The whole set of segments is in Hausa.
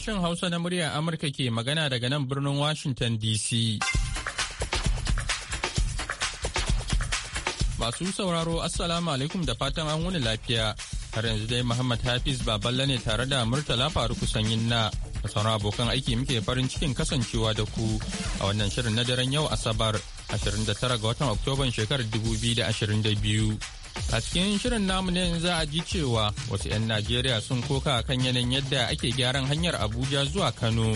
Sashen Hausa na muryar Amurka ke magana daga nan birnin Washington DC. Masu sauraro Assalamu alaikum da fatan an wuni lafiya. Har yanzu dai Muhammad Hafiz Baballa ne tare da Murtala faru kusanyin na da sauran abokan aiki muke farin cikin kasancewa da ku a wannan shirin na daren yau Asabar 29 ga watan Oktoban shekarar 2022. A cikin shirin namu ne za a ji cewa wasu 'yan Najeriya sun koka kan yanayin yadda ake gyaran hanyar Abuja zuwa Kano.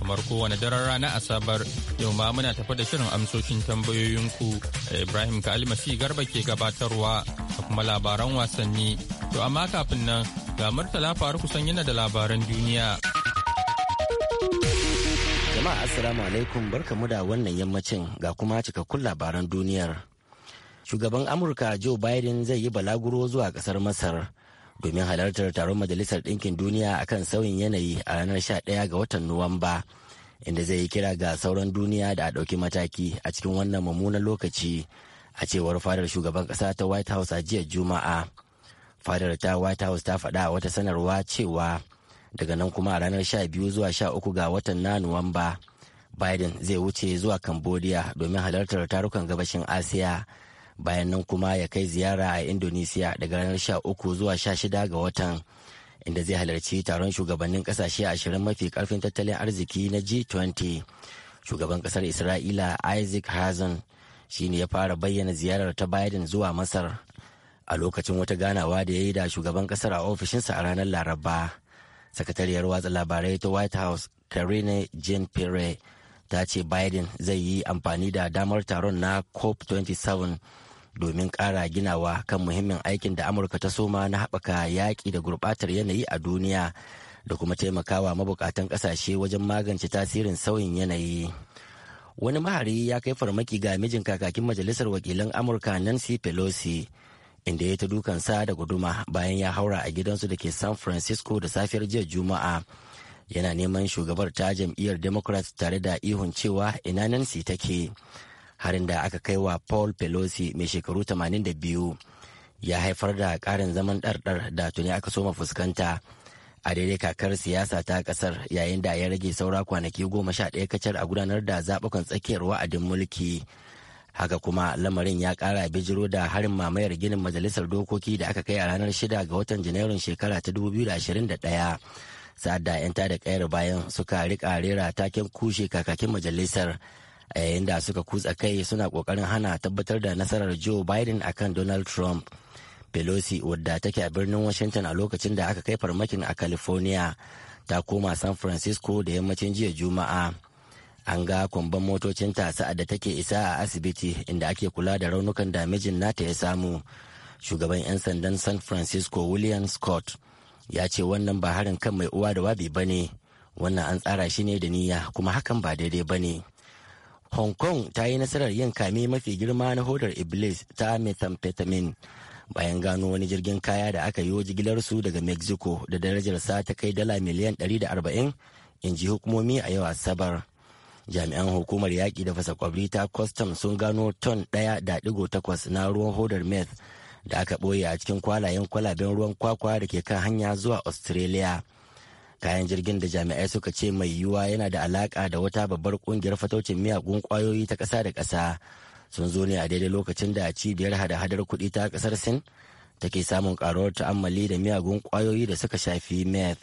Kamar kowane daren rana Asabar, yau ma muna tafa da shirin amsoshin tambayoyinku a Ibrahim Kalmasi Garba ke gabatarwa da kuma labaran wasanni. To amma kafin nan ga Murtala faru kusan yana da labaran duniya. Jama'a Assalamu alaikum barkamu da wannan yammacin ga kuma cikakkun labaran duniyar. shugaban amurka joe biden zai yi balaguro zuwa kasar masar domin halartar taron majalisar ɗinkin duniya akan sauyin yanayi a ranar 11 ga watan nuwamba inda zai yi kira ga sauran duniya da a ɗauki mataki a cikin wannan mummunan lokaci a cewar fadar shugaban ƙasa ta white house a jiya juma'a fadar ta white house ta faɗa wata sanarwa cewa daga nan kuma a ranar 12 zuwa 13 ga watan na nuwamba biden zai wuce zuwa cambodia domin halartar tarukan gabashin asiya bayan nan kuma ya kai ziyara a indonesia daga ranar 13 zuwa 16 ga watan inda zai halarci taron shugabannin kasashe ashirin mafi karfin tattalin arziki na g20 shugaban kasar isra'ila isaac hazan ne ya fara bayyana ziyarar ta biden zuwa masar a lokacin wata ganawa da ya yi da shugaban kasar a ofishinsa a ranar laraba sakatariyar watsa labarai ta white house karine jean pierre ta ce biden zai yi amfani da damar taron na cop 27 domin ƙara ginawa kan muhimmin aikin da amurka ta soma na haɓaka yaƙi da gurɓatar yanayi a duniya da kuma taimakawa mabukatan ƙasashe wajen magance tasirin sauyin yanayi wani mahari ya kai farmaki ga mijin kakakin majalisar wakilan amurka nancy pelosi inda ya ta dukansa da guduma bayan ya haura a gidansu da ke san francisco da safiyar jiya juma'a yana neman shugabar ta jam'iyyar democrat tare da ihun cewa ina nancy take harin da aka kai wa paul pelosi mai shekaru 82 ya haifar da karin zaman ɗarɗar da tuni aka soma fuskanta a daidai kakar siyasa ta kasar yayin da ya rage saura kwanaki goma sha ɗaya kacar a gudanar da zaɓukan tsakiyar wa'adin mulki haka kuma lamarin ya ƙara bijiro da harin mamayar ginin majalisar dokoki da aka kai a ranar shida ga watan janairun shekara ta 2021 sa'ad da 'yan tada kayar bayan suka rika rera taken kushe kakakin majalisar a yayin da suka kutsa kai suna kokarin hana tabbatar da nasarar joe biden akan donald trump pelosi wadda take a birnin washington a lokacin da aka kai farmakin a california ta koma san francisco da yammacin jiya juma'a an ga kwamban motocinta sa'ad da take isa a asibiti inda ake kula da raunukan da mijin nata ya samu shugaban 'yan sandan san francisco william scott ya ce wannan ba harin kan mai uwa da wabi ba ne wannan an tsara shi ne da niyya kuma hakan ba daidai ba ne hong kong ta yi nasarar yin kame mafi girma na hodar iblis ta methamphetamine bayan gano wani jirgin kaya da aka yi jigilarsu daga mexico da darajar sa ta kai dala miliyan 140 in ji hukumomi a yau asabar jami'an hukumar yaƙi da fasa kwabri ta custom sun gano ton ɗaya da ɗigo takwas na ruwan hodar meth da aka ɓoye a cikin kwalayen kwalaben ruwan kwakwa da ke kan hanya zuwa australia kayan jirgin da jami'ai suka ce mai yiwuwa yana da alaka da wata babbar kungiyar fataucin miyagun kwayoyi ta ƙasa da ƙasa sun zo ne a daidai lokacin da cibiyar hada-hadar kuɗi ta ƙasar sin take samun karuwar ta'ammali da miyagun kwayoyi da suka shafi meth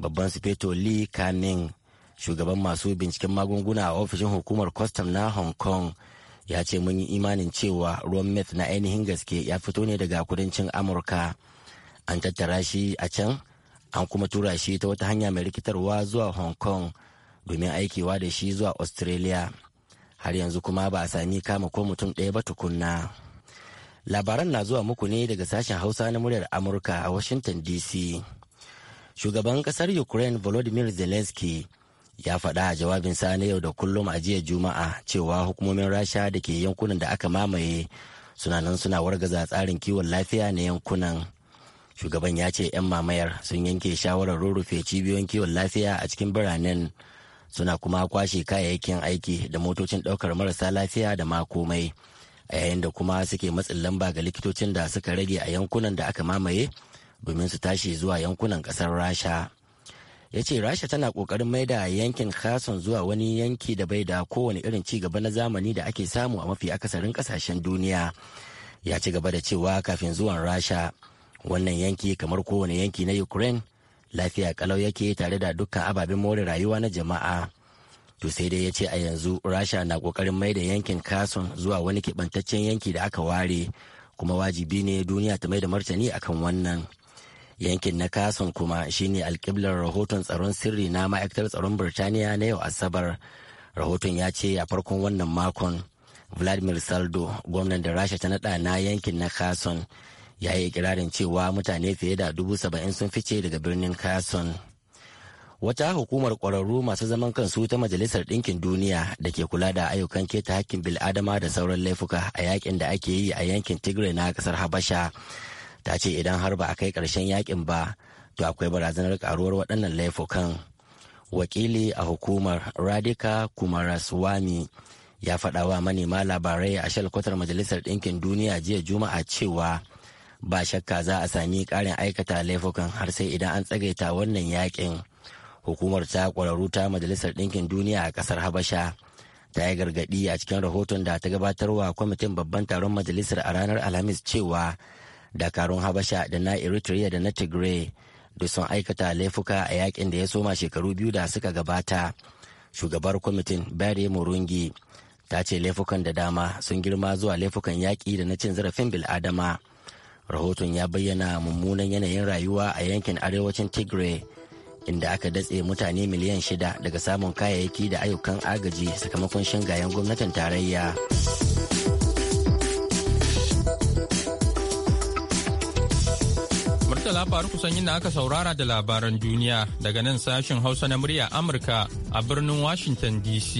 babban sufeto lee kaning shugaban masu binciken magunguna a ofishin hukumar kwastam na hong kong ya ce mun yi imanin cewa ruwan meth na ainihin gaske ya fito ne daga kudancin amurka an tattara shi a can an kuma tura shi ta wata hanya mai rikitarwa zuwa hong kong domin aikewa da shi zuwa australia har yanzu kuma ba a sami kama ko mutum ɗaya ba tukunna labaran na zuwa muku ne daga sashen hausa na muryar amurka a washington dc shugaban kasar ukraine volodymyr zelensky ya faɗa a jawabinsa na yau da kullum a jiya juma'a cewa hukumomin rasha da ke yankunan da aka mamaye suna nan suna wargaza tsarin kiwon lafiya na yankunan shugaban ya ce 'yan mamayar sun yanke shawarar rurrufe cibiyoyin kiwon lafiya a cikin biranen suna kuma kwashe kayayyakin aiki da motocin ɗaukar marasa lafiya da ma komai a yayin da kuma suke matsin lamba ga likitocin da suka rage a yankunan da aka mamaye domin su tashi zuwa yankunan ƙasar rasha ya ce rasha tana ƙoƙarin da yankin kason zuwa wani yanki da bai da kowane irin ci gaba na zamani da ake samu a mafi akasarin ƙasashen duniya ya ci gaba da cewa kafin zuwan rasha wannan yanki kamar kowane yanki na ukraine lafiya kalau yake tare da dukkan ababen more rayuwa na jama'a to sai dai ya ce a yanzu rasha na kokarin mai da yankin kason zuwa wani keɓantaccen yanki da aka ware kuma wajibi ne duniya ta mai da martani akan wannan yankin na kason kuma shine alkiblar rahoton tsaron sirri na ma'aikatar tsaron birtaniya na yau asabar rahoton ya ce a farkon wannan makon vladimir saldo gwamnan da rasha ta naɗa na yankin na kason ya yi ikirarin cewa mutane fiye da dubu saba'in sun fice daga birnin kason wata hukumar kwararru masu zaman kansu ta majalisar ɗinkin duniya da ke kula da ayyukan keta hakkin bil'adama da sauran laifuka a yakin da ake yi a yankin tigray na kasar habasha ta ce idan har ba a kai karshen yakin ba to akwai barazanar karuwar waɗannan laifukan wakili a hukumar radika kumaraswami ya faɗawa manema labarai a shalkwatar majalisar ɗinkin duniya jiya juma'a cewa ba shakka za a sami ƙarin aikata laifukan har sai idan an tsagaita wannan yakin hukumar ta ƙwararru ta majalisar ɗinkin duniya a ƙasar habasha ta yi gargaɗi a cikin rahoton da ta gabatarwa kwamitin babban taron majalisar a ranar alhamis cewa dakarun habasha da na eritrea da na tigray da sun aikata laifuka a yakin da ya soma shekaru biyu da suka gabata shugabar kwamitin bare Murungi ta ce laifukan da dama sun girma zuwa laifukan yaƙi da na cin zarafin bil'adama rahoton ya bayyana mummunan yanayin rayuwa a yankin arewacin tigray inda aka datse mutane miliyan shida daga samun kayayyaki da ayyukan agaji sakamakon shingayen gwamnatin tarayya murtala faruku kusan na aka saurara da labaran duniya daga nan sashen hausa na murya amurka a birnin washington dc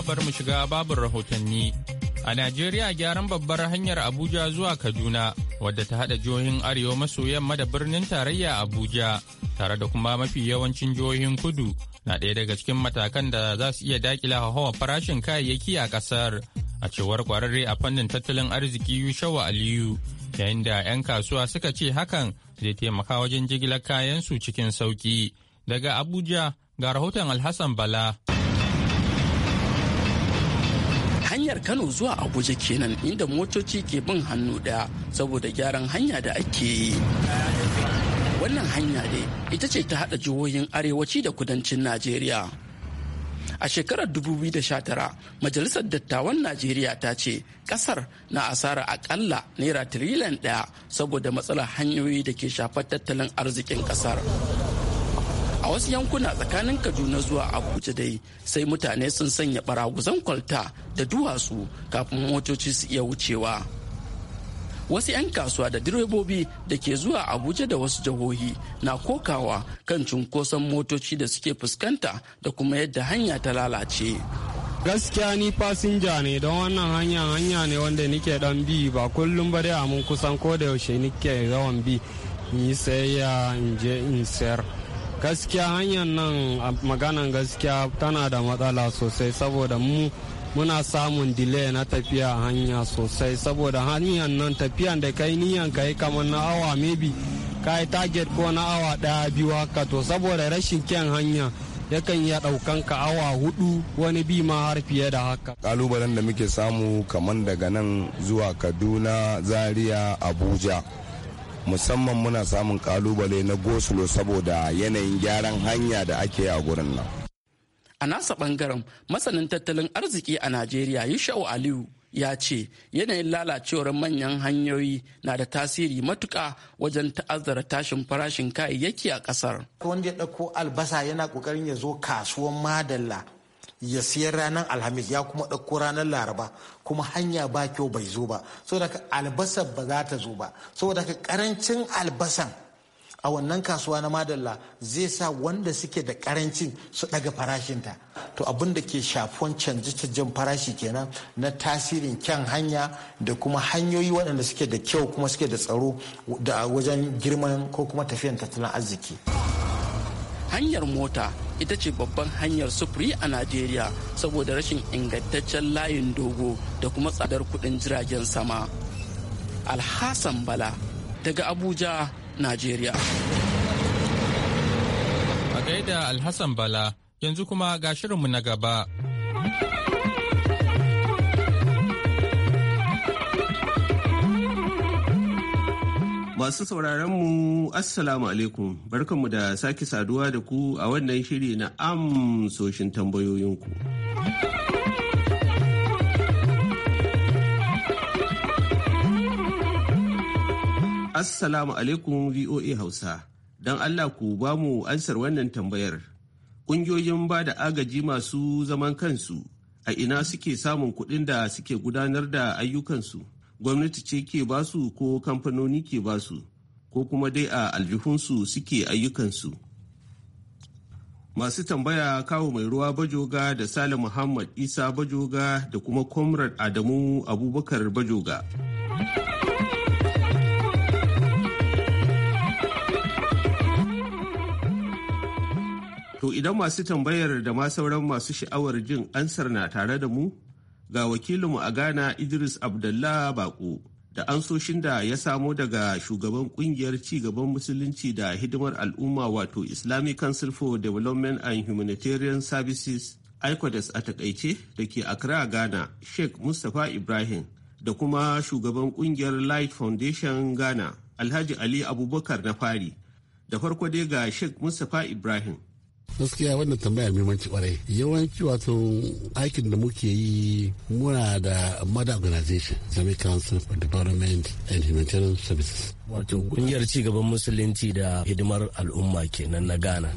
bar bari mu shiga babin rahotanni. A Najeriya gyaran babbar hanyar Abuja zuwa Kaduna wadda ta haɗa jihohin Arewa maso yamma da birnin tarayya Abuja tare da kuma mafi yawancin jihohin kudu na ɗaya daga cikin matakan da za su iya dakila hawa farashin kayayyaki a ƙasar a cewar kwararre a fannin tattalin arziki Yushawa Aliyu yayin da 'yan kasuwa suka ce hakan zai taimaka wajen jigilar kayansu cikin sauƙi. daga Abuja ga rahoton Alhassan Bala. hanyar kano zuwa abuja kenan inda motoci ke bin hannu daya saboda gyaran hanya da ake yi wannan hanya dai ita ce ta hada jihohin arewaci da kudancin najeriya a shekarar 2019 majalisar dattawan najeriya ta ce kasar na asara akalla naira tiriliyan daya saboda matsalar hanyoyi da ke shafar tattalin arzikin kasar a wasu yankuna tsakanin kaduna zuwa abuja dai sai mutane sun sanya baraguzan kwalta da duwatsu kafin motoci su iya wucewa wasu 'yan kasuwa da direbobi da ke zuwa abuja da wasu jihohi na kokawa kan cunkoson motoci da suke fuskanta da kuma yadda hanya ta lalace gaskiya ni fasinja ne don wannan hanya hanya ne wanda nike dan bi ba kullum ba dai mun kusan ko da yaushe nike yawan bi in yi ya in je in sayar gaskiya hanyar nan a maganan gaskiya tana da matsala sosai saboda mu muna samun delay na tafiya hanya sosai saboda hanyar nan tafiyan da kai niyan ka yi kamar na awa maybe ka yi target ko na awa daya biyu haka to saboda rashin kyan hanya yakan iya ɗaukan ka awa hudu wani bi ma har fiye da haka. Kalubalen da muke samu kamar daga nan zuwa Kaduna, Zaria, Abuja. musamman muna samun kalubale na gosulo saboda yanayin gyaran hanya da ake a gurin nan a nasa bangaren masanin tattalin arziki a najeriya yusha'u aliyu ya ce yanayin lalacewar manyan hanyoyi na da tasiri matuka wajen ta'azzara tashin farashin kayayyaki a kasar wanda ya ɗauko albasa yana ƙoƙarin ya zo kasuwan madalla ya siyar ranar alhamis ya kuma ɗauko ranar laraba kuma hanya ba kyau bai zo ba saboda ka albasa ba za ta zo ba saboda ka karancin albasan a wannan kasuwa na madalla zai sa wanda suke da karancin su daga farashinta to abin da ke shafon canji canjen farashi kenan na tasirin kyan hanya da kuma hanyoyi waɗanda suke da kyau kuma suke da tsaro da wajen girman ko kuma tafiyan tattalin arziki. hanyar mota ita ce babban hanyar sufuri a najeriya saboda rashin ingantaccen layin dogo da kuma tsadar kudin jiragen sama alhassan bala daga abuja najeriya a gaida alhassan bala yanzu kuma ga shirinmu na gaba Masu sauraron mu Assalamu alaikum barkanmu da sake saduwa da ku a wannan shiri na amsoshin tambayoyinku. Assalamu alaikum VOA Hausa, don Allah ku ba mu ansar wannan tambayar. Ƙungiyoyin ba da agaji masu zaman kansu a ina suke samun kuɗin da suke gudanar da ayyukansu. gwamnati ce ke basu ko kamfanoni ke basu ko kuma dai a aljihunsu suke ayyukansu masu tambaya kawo mai ruwa bajoga da sale muhammad isa bajoga da kuma comrade adamu abubakar bajoga to idan masu tambayar da ma sauran masu sha'awar jin ansar na tare da mu ga wakilinmu a Ghana Idris Abdullah Bako da ansoshin da ya samo daga shugaban kungiyar cigaban musulunci da hidimar al'umma wato Islamic Council for Development and Humanitarian Services ICODES a takaice da ke Accra Ghana Sheikh Mustapha Ibrahim da kuma shugaban kungiyar Light Foundation Ghana Alhaji Ali Abubakar na fari da farko dai ga Sheikh Mustapha Ibrahim gaskiya wannan tambaya muhimmanci kwarai yawanci wato aikin da muke yi muna da mother organization islamic council for development and humanitarian services wato kungiyar cigaban musulunci da hidimar al'umma kenan na ghana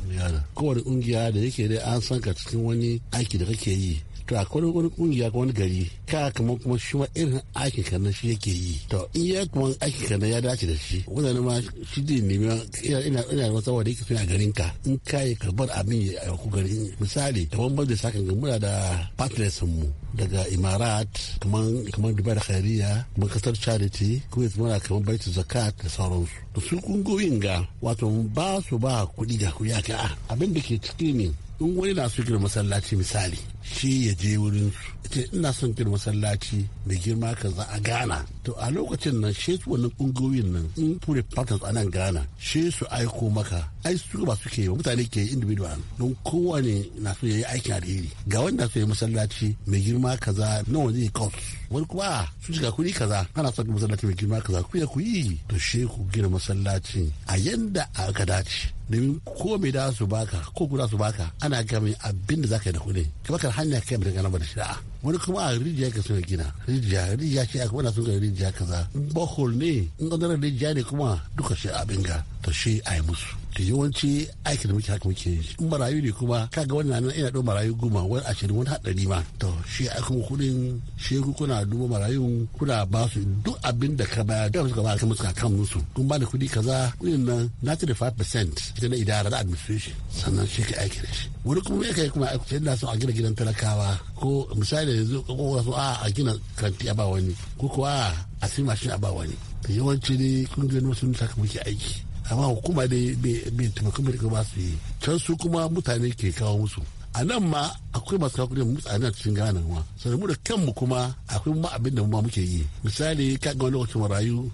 kowane kungiya da yake dai an sanka cikin wani aiki da kake yi to akwai wani kungiya ko wani gari ka kamar kuma shi ma irin aikin ka shi yake yi to in ya kuma aikin ka ya dace da shi wanda ma shi zai nemi ina ina ina wata wanda yake suna garin ka in ka yi karbar abin ya ku garin misali da bambar da sakan ga muna da partners mu daga imarat kamar kamar dubai da khairiya kamar kasar charity kuma yanzu muna kamar baitu zakat da sauransu da su kungiyoyin ga wato ba su ba kuɗi ga kuɗi a ah, abin da ke cikin ne in wani na so gina masallaci misali shi ya je wurin su ina son gina masallaci mai girma kaza a ghana to a lokacin nan shi su wannan kungiyoyin nan in pure partners a nan Ghana shi su aiko maka ai su ba suke ba mutane ke individual don kowane na so yayi aikin alheri ga wanda so yayi masallaci mai girma kaza nawa zai cost wani kuma ah, su shiga kuɗi kaza kana son masallaci mai girma kaza ku ya ku yi to shi ku gina masallaci a yanda aka dace domin ko me da su baka ko da su baka ana gami abin da zaka yi da kuɗi kamar hanya kai mai ba da shari'a wani kuma a ah, rijiya ka suna gina rijiya rijiya ce kuma na sun gari rijiya kaza bohol ne in ƙandarar rijiya ne kuma duka shi abin ga to shi a yi musu da yawanci aikin da muke haka muke yi in marayu ne kuma kaga wannan nan ina ɗau marayu goma wani ashirin wani haɗari ma to shi akan kuɗin shi kuna duba marayun kuna ba su duk abin da ka baya da suka ba ka kan musu kun ba da kuɗi kaza kuɗin nan na ta da percent ita na idara da administration sannan shi ka aiki da shi wani kuma ya kai kuma aiki da su a gina gidan talakawa ko misali yanzu ko wasu a a gina kanti a ba wani ko kuwa a sai mashin a ba wani yawanci ne kun gani wasu mutaka muke aiki amma hukuma dai bai taimaka ba su yi can su kuma mutane ke kawo musu a nan ma akwai masu kawo kudin mutane a cikin gana ma sannan mu da kanmu kuma akwai ma abin da mu ma muke yi misali ka ga wani lokacin marayu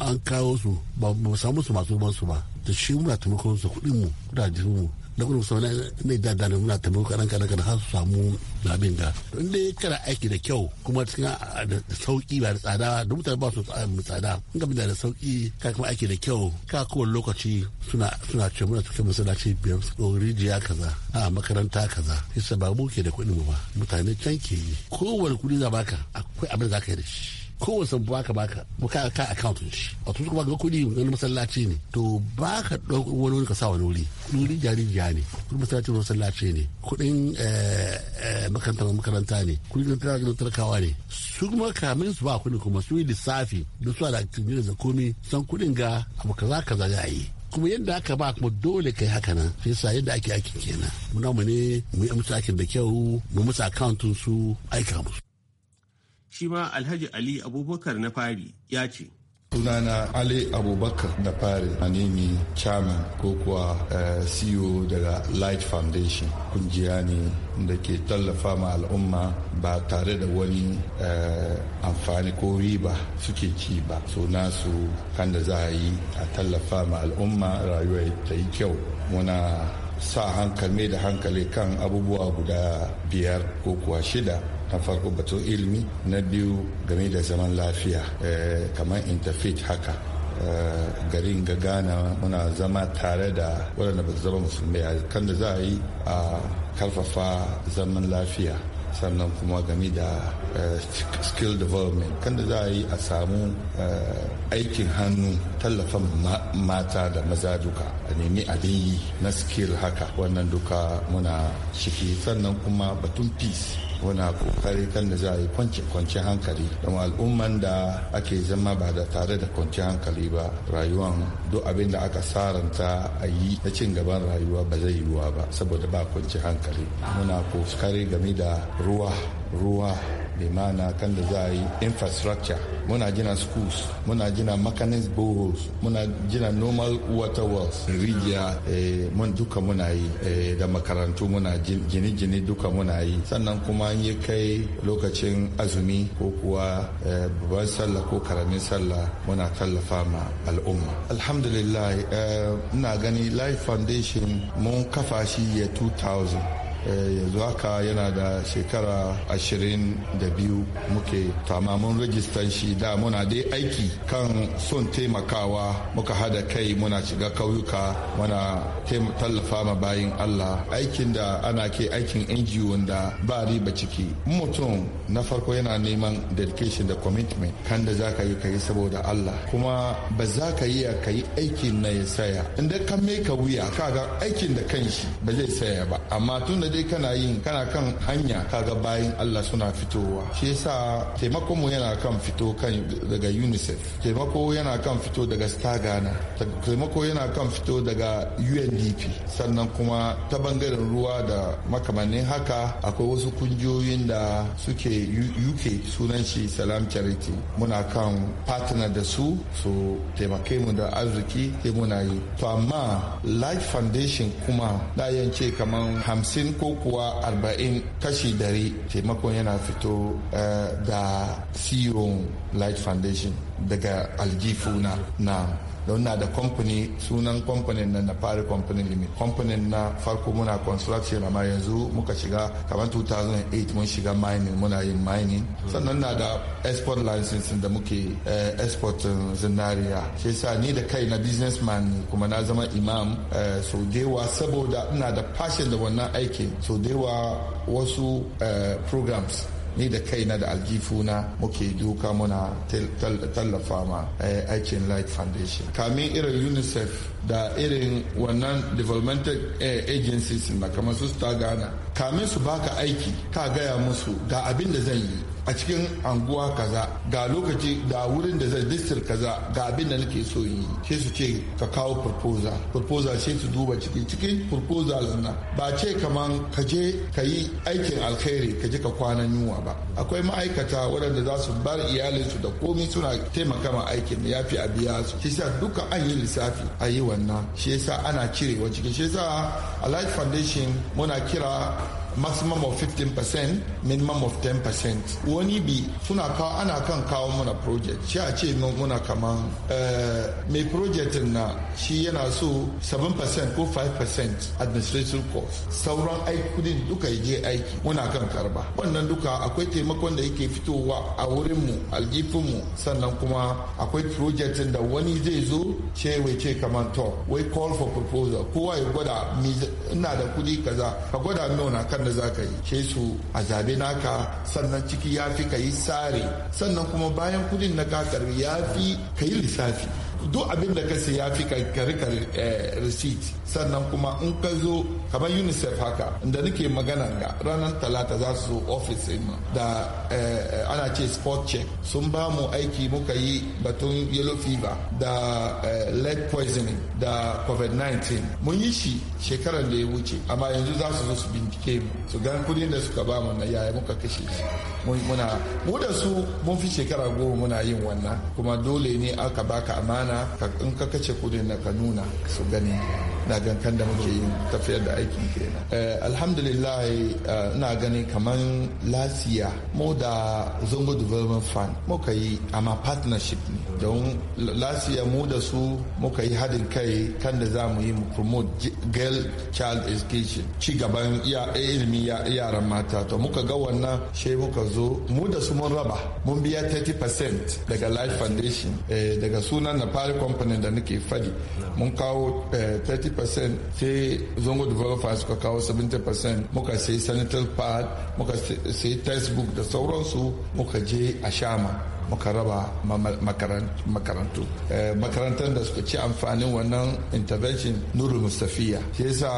an kawo su ba mu samu su masu ban su ba da shi muna taimakon su kudin mu kudajen mu da kuma sau na ne da da muna taimako kadan kadan kadan har su samu abin da in dai kana aiki da kyau kuma cikin ah, ah, da sauki ba da tsada da mutane ba su tsada in ka da sauki ka kuma aiki da kyau ka kowane lokaci suna suna ce muna cikin masallaci biyar su rijiya kaza a makaranta kaza isa ba mu ke da kuɗin ba mutane can ke yi kowane kuɗi za baka akwai abin da za ka yi da shi kowace ba ka baka ka ka akawuntun shi tun kuma ga kudi wani masallaci ne to ba ka ɗauko wani wani ka sa wani wuri wuri jaririya ne kuɗin masallaci wani masallaci ne Kudin eh, eh, makaranta makaranta ne kuɗin da tarkawa ne su kuma kamin su ba ne kuma su yi lissafi don su da tunjira da komi san kudin ga abu kaza kaza ya yi kuma yadda aka ba kuma dole kai haka nan sai sa yadda ake aikin kenan muna mu ne mu yi amsa aikin da kyau mu musu akauntun su aika musu shi ma alhaji ali abubakar na fari ya ce sunana ali abubakar na fari a ne chairman ko kuwa eh, ceo daga light foundation kungiya ne da ke tallafa ma al'umma ba tare da wani eh, amfani ko riba suke ci ba so nasu kan da za a yi a tallafa ma al'umma rayuwa ta yi kyau muna sa hankali da hankali kan abubuwa guda biyar ko kuwa shida na farko batun ilimi na biyu game da zaman lafiya eh, kamar interfaith haka eh, garin ga ghana muna zama tare da waɗanda ba zama musulmai a kan da za a yi a karfafa zaman lafiya sannan kuma game da eh, skill development kan da za a yi a samu aikin hannu tallafin mata da maza duka a nemi abin yi na skill haka wannan duka muna ciki sannan kuma batun peace muna kokari kan da za a yi kwanci hankali don al'umman da ake zama ba da tare da kwanci hankali ba rayuwan duk abin da aka saranta a yi na cin gaban rayuwa ba zai yiwuwa ba saboda ba kwanci hankali muna kokari game da ruwa ruwa bi ma'ana kan da za a yi infrastructure muna gina schools muna gina mechanics boreholes muna gina normal water wells rijiya eh, mun duka muna yi eh, da makarantu muna gine-gine duka muna yi sannan kuma an yi kai lokacin azumi ko kuwa eh, babban sallah ko karamin sallah muna tallafa ma al'umma alhamdulillah ina gani life foundation mun kafa shi ya 2000 Eh, yanzu haka yana da shekara ashirin da biyu muke tamamin rajistan shi da muna dai aiki kan son taimakawa muka hada kai muna shiga kauyuka muna tallafa ma bayin allah aikin da ana ke aikin ngo wanda ba riba ciki mutum na farko yana neman dedication da commitment kan da za ka yi ka yi saboda allah kuma ba za ka yi ka yi aikin na ya saya inda ka mai ka wuya ka kaga aikin da kanshi ba zai saya ba amma tun da dai kana yin kana kan hanya kaga bayan Allah suna fitowa shi yasa taimako mu yana kan fito kan daga UNICEF taimako yana kan fito daga Star taimako yana kan fito daga UNDP sannan kuma ta bangaren ruwa da makamannin haka akwai wasu kungiyoyin da suke UK sunan shi Salam Charity muna kan partner da su so taimake mu da arziki sai muna yi to amma Life Foundation kuma da yance kamar hamsin ko ko kuwa arba'in kashi dari taimakon yana fito eh, ga siyon light foundation daga aljifu na na da kwamfani sunan kwamfanin na fari kwamfani limit kwamfanin na farko muna construction amma yanzu muka shiga kamar 2008 mun shiga mining muna yin mining sannan na da export license da muke eh, export eh, zinariya shi sa ni da kai na businessman ne kuma na zama imam eh, so dewa saboda ina da passion da wannan aikin so dewa wasu programs ni da kaina da aljifuna muke duka muna tallafa ma aikin eh, light foundation kamin irin unicef da irin wannan developmental eh, agencies na kamar su ta gana kamin su baka aiki ka gaya musu ga abin da zan yi a cikin anguwa kaza ga lokaci ga wurin da zai distil kaza ga abin da nake so yi sai su ce ka kawo proposal proposal sai su duba ciki cikin proposal na ba ce kaman ka je ka yi aikin alkhairi ka je ka kwana yunwa ba akwai ma'aikata waɗanda za su bar iyalinsu da komi suna taimaka ma aikin ya fi a biya su shi yasa duka an yi lissafi a yi wannan shi yasa ana cirewa cikin shi yasa life foundation muna kira maximum of 15% minimum of 10% wani bi suna kawo ana kan kawo muna project shi a ce muna kaman eh, mai project na shi yana so 7% ko 5% administrative cost sauran aikudin duka je aiki muna kan karba wannan duka akwai taimakon da yake fitowa a wurinmu mu sannan kuma akwai project da wani zai zo ce wai ce kaman to wai call for proposal kowa ya gwada ina da kudi kaza ka gwada nuna kan da za ka yi ke su a zabe naka sannan ciki ya fi ka yi sare sannan kuma bayan kudin na ka ya fi ka yi lissafi duk abinda da ka ya fi ka rika eh, receipt sannan kuma in ka zo kamar unicef haka da nake magana ga ranar talata za su zo ofis ma. da eh, ana ce sport check sun ba mu aiki muka yi batun yellow fever da eh, lead poisoning da covid-19 mun yi shi shekarar da ya wuce amma yanzu za su zo su bincike mu su gan kudin da suka ba mu na yaya muka kashe shi muna mu da su mun fi shekara goma muna yin wannan kuma dole ne aka baka amana in ka kace kudin na ka nuna su gani na gan kan da muke yin tafiyar da aiki kenan eh, alhamdulillah eh, ina gani kamar lasiya mu da zongo development fund muka yi amma partnership ne don lasiya mu da su muka yi haɗin kai kan da za mu yi mu promote girl child education ci gaban ilimi yaran mata to muka ga wannan she muka zo mu da su mun raba mun biya 30% daga life foundation eh, daga sunan na fari company da nake fadi mun kawo 50% sai zongo developer suka kawo 70% muka sai sanitar pad muka sai textbook da sauransu muka je a shama muka raba makarantu eh, makarantar da suka ci amfanin wannan intervention nuru mustafiya shi yasa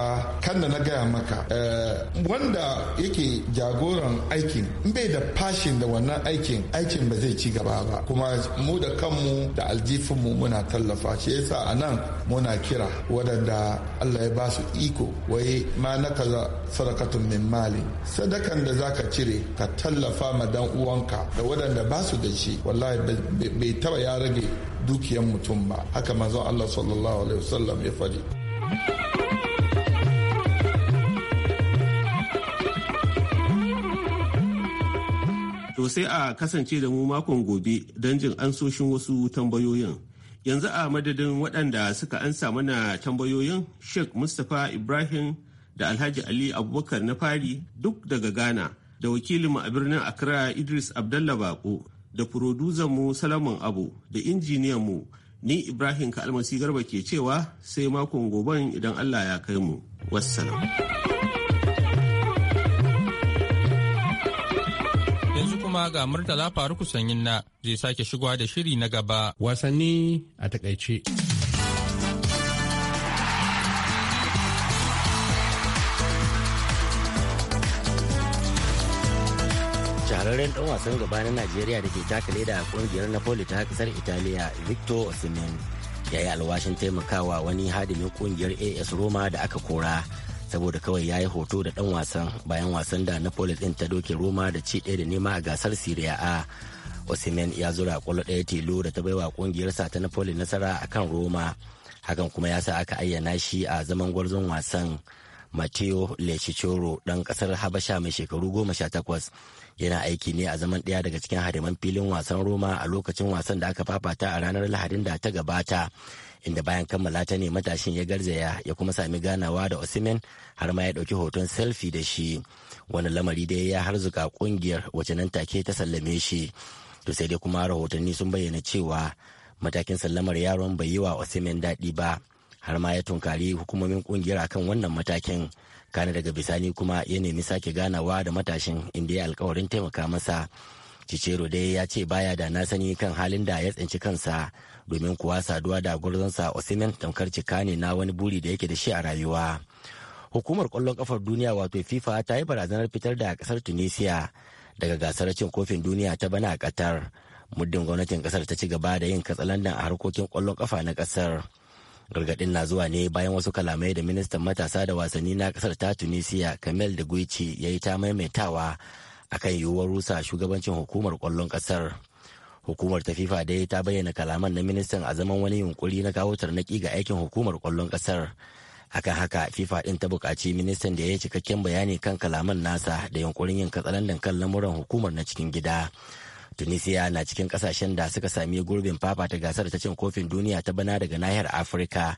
kan da na gaya maka eh, wanda yake jagoran aikin bai da fashin da wannan aikin aikin ba zai ci gaba ba kuma mu da kanmu da aljifinmu muna tallafa shi yasa a nan muna kira waɗanda allah ya ba su iko wai ma na kaza sadakatun min mali sadakan da zaka cire ka tallafa ma dan uwanka da waɗanda ba su da shi wallahi bai taba ya rage dukiyan mutum ba haka manzon Allah sallallahu alaihi wasallam ya faɗi To sai a kasance da mu makon gobe don jin ansoshin wasu tambayoyin. Yanzu a madadin waɗanda suka ansa mana tambayoyin Sheikh Mustapha Ibrahim da Alhaji Ali Abubakar na fari duk daga Ghana da wakilinmu a birnin Accra Idris Abdallah Bako da mu Salamun Abu da injiniyan mu ni Ibrahim Kalmasi Garba ke cewa sai makon goben idan Allah ya kai mu. Wassalam. Yanzu kuma ga Murtala Faruku Sanyin na zai sake shigowa da shiri na gaba. Wasanni a takaice. kwararren dan wasan gaba na najeriya da ke taka leda a kungiyar napoli ta kasar italiya victor osimhen ya yi alwashin taimakawa wani hadimin kungiyar as roma da aka kora saboda kawai ya yi hoto da dan wasan bayan wasan da napoli din ta doke roma da ci ɗaya da nema a gasar serie a osimhen ya zura kwallo ɗaya tilo da ta baiwa kungiyarsa ta napoli nasara akan roma hakan kuma ya sa aka ayyana shi a zaman gwarzon wasan mateo lechichoro ɗan ƙasar habasha mai shekaru goma sha takwas yana aiki ne a zaman ɗaya daga cikin hadiman filin wasan roma a lokacin wasan da aka fafata a ranar lahadin da ta gabata inda bayan kammala ta ne matashin ya garzaya ya kuma sami ganawa da osimen har ma ya ɗauki hoton selfie da shi wani lamari da ya harzuka ƙungiyar wacce nan take ta sallame shi to sai dai kuma rahotanni sun bayyana cewa matakin sallamar yaron bai yi wa osimen daɗi ba har ma ya tunkari hukumomin kungiyar akan wannan matakin kana daga bisani kuma ya nemi sake ganawa da matashin inda ya alkawarin taimaka masa cicero dai ya ce baya da na sani kan halin da ya tsinci kansa domin kuwa saduwa da gurzonsa osimen tamkar cika ne na wani buri da yake da shi a rayuwa hukumar kwallon kafar duniya wato fifa ta yi barazanar fitar da kasar tunisia daga gasar cin kofin duniya ta bana a qatar muddin gwamnatin kasar ta ci gaba da yin katsalandan a harkokin kwallon kafa na kasar gargaɗin na zuwa ne bayan wasu kalamai da ministan matasa da wasanni na kasar ta tunisia kamel da guici ya yi ta maimaitawa akan yiwuwar rusa shugabancin hukumar kwallon ƙasar hukumar ta fifa dai ta bayyana kalaman na ministan a zaman wani yunkuri na kawo tarnaki ga aikin hukumar kwallon ƙasar akan haka fifa ɗin ta buƙaci ministan da ya yi cikakken bayani kan kalaman nasa da yunkurin yin katsalandan kan lamuran hukumar na cikin gida tunisia na cikin kasashen da suka sami gurbin fa-fa-ta gasar ta cin kofin duniya ta bana daga nahiyar afirka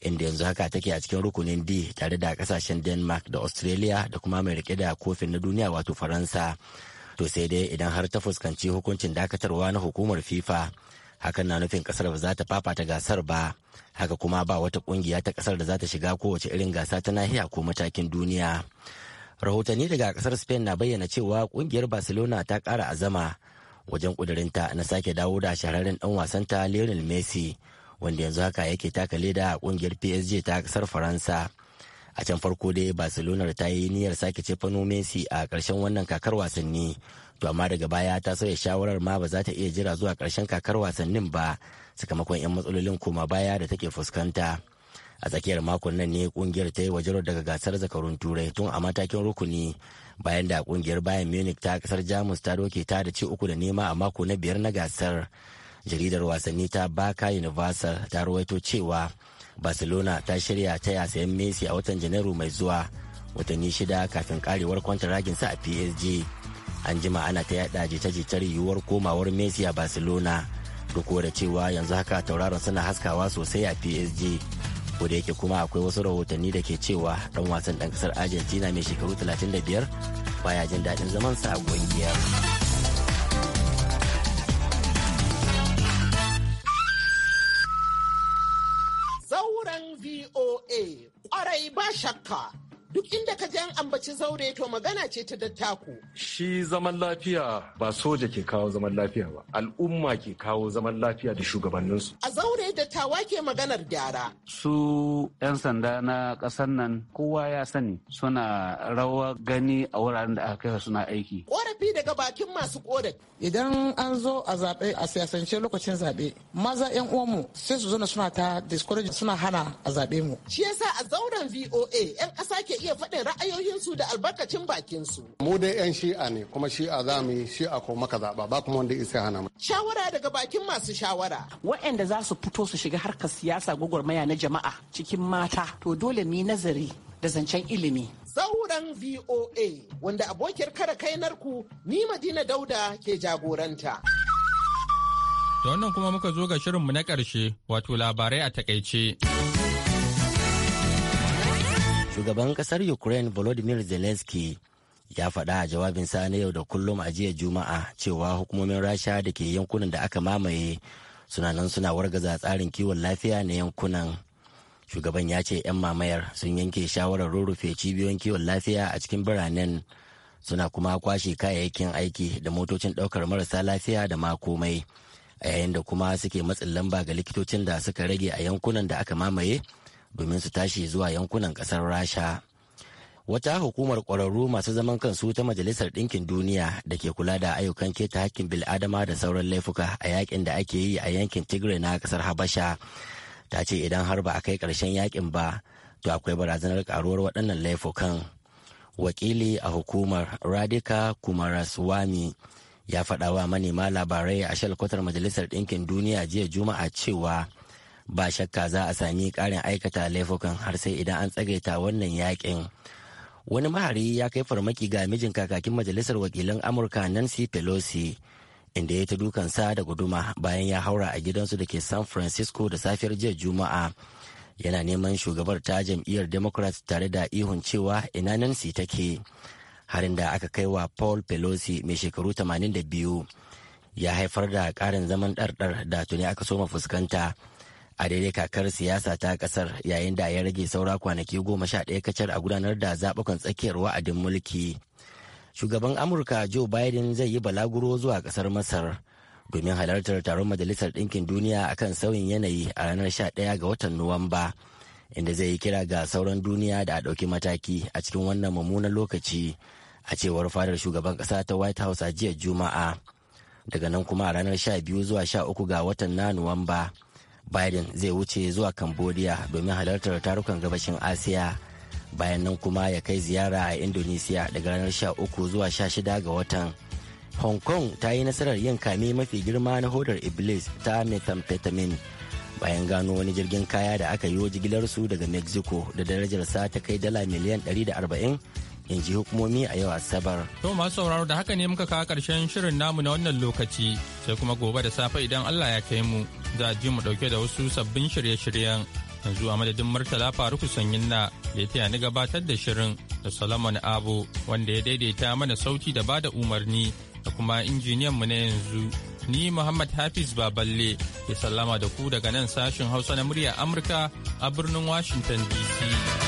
inda yanzu haka take a cikin rukunin d tare da kasashen denmark da australia da kuma mai rike da kofin na duniya wato faransa to sai dai idan har ta fuskanci hukuncin dakatarwa na hukumar fifa hakan na nufin kasar ba za ta fa-fa-ta gasar ba haka kuma ba wata kungiya ta kasar da za ta shiga kowace irin gasa ta nahiya ko matakin duniya rahotanni daga kasar spain na bayyana cewa kungiyar barcelona ta kara azama wajen kudurinta na sake dawo da shahararren ɗan wasanta Lionel Messi wanda yanzu haka yake taka leda a ƙungiyar PSG ta kasar Faransa. A can farko dai Barcelona ta yi niyyar sake cefano Messi a ƙarshen wannan kakar wasanni. To amma daga baya ta sauya shawarar ma ba za ta iya jira zuwa ƙarshen kakar wasannin ba sakamakon 'yan matsalolin koma baya da take fuskanta. a tsakiyar makon nan ne kungiyar ta yi wajen daga gasar zakarun turai tun a matakin rukuni bayan da kungiyar bayan munich ta kasar jamus ta doke ta da ci uku da nema a mako na biyar na gasar jaridar wasanni ta baka universal ta rawaito cewa barcelona ta shirya ta ya sayan messi a watan janairu mai zuwa watanni shida kafin karewar su a psg an jima ana ta yada jita-jitar yiwuwar komawar messi a barcelona duk da cewa yanzu haka tauraron suna haskawa sosai a psg ko da yake kuma akwai wasu rahotanni da ke cewa dan wasan dan kasar argentina mai shekaru 35 baya jin daɗin zamansa a ƙungiyar. ambaci zaure to magana ce ta dattako. Shi zaman lafiya ba soja ke kawo zaman lafiya ba, al'umma ke kawo zaman lafiya da shugabanninsu. A zaure dattawa ke maganar gyara. Su 'yan sanda na ƙasar nan kowa ya sani suna rawa gani a wuraren da aka kai suna aiki. Ƙorafi daga bakin masu ƙorafi. Idan an zo a zaɓe a siyasance lokacin zaɓe, maza 'yan uwanmu sai su zana suna ta discourage suna hana a zaɓe mu. Shi yasa a zauren VOA 'yan ƙasa ke iya faɗin ra'ayoyinsu su da albarkacin bakin su. Mu dai 'yan shi'a ne kuma shi'a za mu yi shi'a ko maka zaɓa ba kuma wanda isa hana mu. Shawara daga bakin masu shawara. Waɗanda za su fito su shiga harkar siyasa gwagwarmaya na jama'a cikin mata to dole mu yi nazari da zancen ilimi. sauran VOA wanda abokiyar kare kainarku ni Madina Dauda ke jagoranta. Da wannan kuma muka zo ga shirinmu na ƙarshe wato labarai a takaice. shugaban kasar ukraine volodymyr zelensky ya faɗa a jawabinsa na yau da kullum a jiya juma'a cewa hukumomin rasha da ke yankunan da aka mamaye suna nan suna wargaza tsarin kiwon lafiya na yankunan shugaban ya ce 'yan mamayar sun yanke shawarar rurrufe cibiyoyin kiwon lafiya a cikin biranen suna kuma kwashe kayayyakin aiki da motocin ɗaukar marasa lafiya da ma komai a yayin da kuma suke matsin lamba ga likitocin da suka rage a yankunan da aka mamaye domin su tashi zuwa yankunan kasar rasha wata hukumar kwararru masu zaman kansu ta majalisar ɗinkin duniya da ke kula da ayyukan keta hakkin bil'adama da sauran laifuka a yakin da ake yi a yankin tigray na ƙasar habasha ta ce idan har ba a kai ƙarshen yakin ba to akwai barazanar ƙaruwar waɗannan laifukan wakili a hukumar radika kumaraswami ya faɗawa manema labarai a shalkwatar majalisar ɗinkin duniya jiya juma'a cewa ba shakka za a sami ƙarin aikata laifukan har sai idan an tsagaita wannan yakin wani mahari ya kai farmaki ga mijin kakakin majalisar wakilan amurka nancy pelosi inda ya ta dukansa da guduma bayan ya haura a gidansu da ke san francisco da safiyar jiya juma'a yana neman shugabar ta jam'iyyar democrat tare da ihun cewa ina nancy take harin da aka kai wa paul pelosi mai shekaru 82 ya haifar da karin zaman ɗarɗar da tuni aka soma fuskanta a daidai kakar siyasa ta kasar yayin da ya rage saura kwanaki goma sha ɗaya kacar a gudanar da zaɓukan tsakiyar wa'adin mulki shugaban amurka joe biden zai yi balaguro zuwa kasar masar domin halartar taron majalisar ɗinkin duniya akan sauyin yanayi a ranar sha ɗaya ga watan nuwamba inda zai yi kira ga sauran duniya da a ɗauki mataki a cikin wannan mummunan lokaci a cewar fadar shugaban ƙasa ta white house a jiya juma'a daga nan kuma a ranar sha biyu zuwa sha uku ga watan na nuwamba biden zai wuce zuwa cambodia domin halartar tarukan gabashin asiya bayan nan kuma ya kai ziyara a indonesia daga ranar 13 zuwa 16 ga watan hong kong ta yi nasarar yin kame mafi girma na hodar iblis ta methamphetamine bayan gano wani jirgin kaya da aka yi jigilarsu daga mexico da darajarsa ta kai dala miliyan 140 in ji hukumomi a yau asabar. To masu sauraro da haka ne muka kawo karshen shirin namu na wannan lokaci sai kuma gobe da safe idan Allah ya kai mu za a ji mu dauke da wasu sabbin shirye-shiryen yanzu a madadin Murtala Faruku Sanyin na da ya ni gabatar da shirin da Solomon Abu wanda ya daidaita mana sauti da bada umarni da kuma injiniyan mu na yanzu ni Muhammad Hafiz Baballe ke sallama da ku daga nan sashin Hausa na murya Amurka a birnin Washington DC.